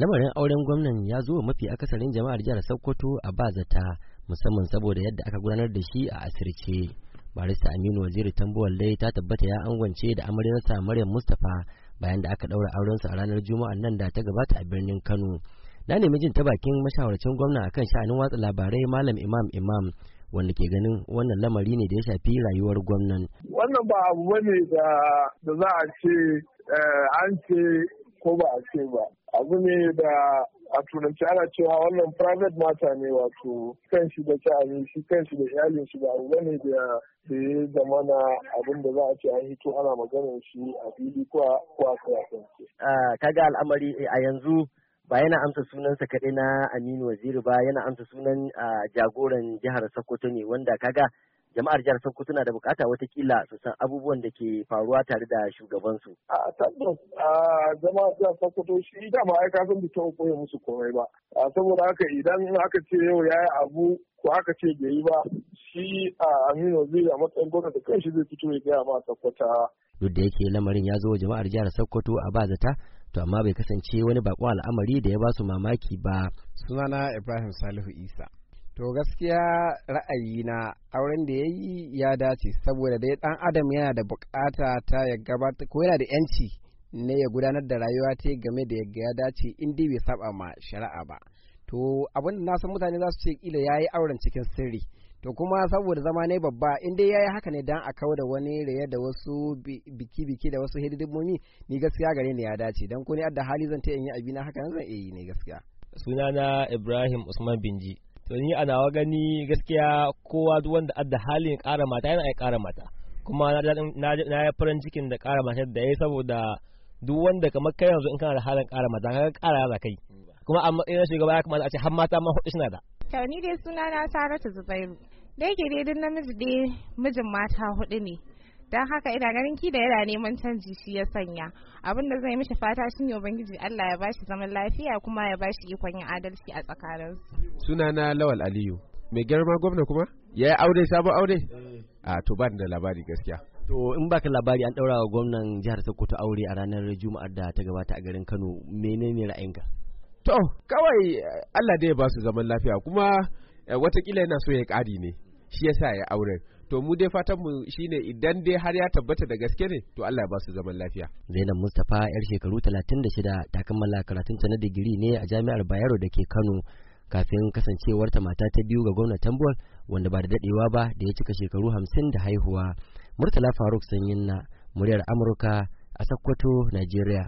lamarin auren gwamnan ya zo mafi akasarin jama'ar jihar sokoto a bazata musamman saboda yadda aka gudanar da shi a asirce barista aminu waziri tambuwal dai ta tabbata ya angwance da sa maryam mustapha bayan da aka daura sa a ranar juma'ar nan da ta gabata a birnin kano na nemi jin ta bakin mashawarcin gwamna akan sha'anin watsa labarai malam imam imam wanda ke ganin wannan lamari ne da ya shafi rayuwar gwamnan. Wannan ba abu bane da za a ce eh, an ce ko ba a ce ba abu ne da a turanci ana cewa wannan private matter ne wato kan shi da sha'ani shi kan shi da iyalin shi ba abu ne da ya zama na abin da za a ce an hito ana maganar shi a fili ko a kayakance. kaga al'amari eh, a yanzu ba yana amsa sunan sa kaɗai na Aminu Waziri ba yana amsa sunan jagoran jihar Sokoto ne wanda kaga jama'ar jihar Sokoto na da bukata watakila su san abubuwan da ke faruwa tare da shugabansu. A tabbas a jama'ar jihar Sokoto shi da ba ai ka san bita ya musu komai ba. Saboda haka idan aka ce yau yayi abu ko aka ce bai yi ba shi a Aminu a matsayin gwamnati da kanshi zai fito ya gaya ma Sokoto. Duk da yake lamarin ya zo jama'ar jihar Sokoto a ba zata, to amma bai kasance wani bakon al'amari da ya ba su mamaki ba. Sunana Ibrahim Salihu Isa. To gaskiya ra'ayina auren da ya yi ya dace saboda dai ɗan adam yana da bukata ta ya gabata ko yana da yanci ne ya gudanar da rayuwa ta game da yadda ya dace in dai bai saba ma shari'a ba. To abin da na san mutane za su ce kila ya yi auren cikin sirri. to kuma saboda zama ne babba in dai ya yi haka ne dan a kawo da wani raye da wasu biki-biki da wasu hidimomi ni gaskiya gare ni ya dace don ko ne adda hali zan ta yi abina na haka zan iya yi ne gaskiya sunana Ibrahim Usman Binji to ni a nawa gani gaskiya kowa duk wanda adda halin ƙara mata yana ai ƙara mata kuma na yi farin cikin da ƙara mata da ya saboda duk wanda kamar kai yanzu in kana da halin ƙara mata ka ƙara za kai kuma a matsayin shugaba ya kamata a ce har mata ma hudu suna da to ni dai suna na Saratu Zubairu dai gidi dai namiji dai mijin mata hudu ne don haka ina ganin ki da yana neman canji shi ya sanya abin da zai mishi fata ne ubangiji Allah ya bashi zaman lafiya kuma ya bashi ikon yin adalci a tsakanin na lawal aliyu mai girma gwamna kuma ya yi aure sabon aure eh. a ah, to ba da labari gaskiya to in baka labari an daura wa gwamnan jihar sokoto aure a ranar juma'ar da ta gabata a garin kano menene ra'ayinka to kawai Allah da ya basu zaman lafiya kuma eh, watakila yana so ya kari ne shi yasa ya aure to mu dai fatan mu shine idan dai har ya tabbata da gaske ne to Allah ya ba su zaman lafiya Zainab Mustapha yar shekaru 36 ta kammala karatun ta na digiri ne a Jami'ar Bayero da ke Kano kafin kasancewarta mata ta biyu ga gwamnatin Tambuwal wanda ba da dadewa ba da ya cika shekaru 50 da haihuwa Murtala Faruk Sanyin na muryar Amurka a Sokoto Najeriya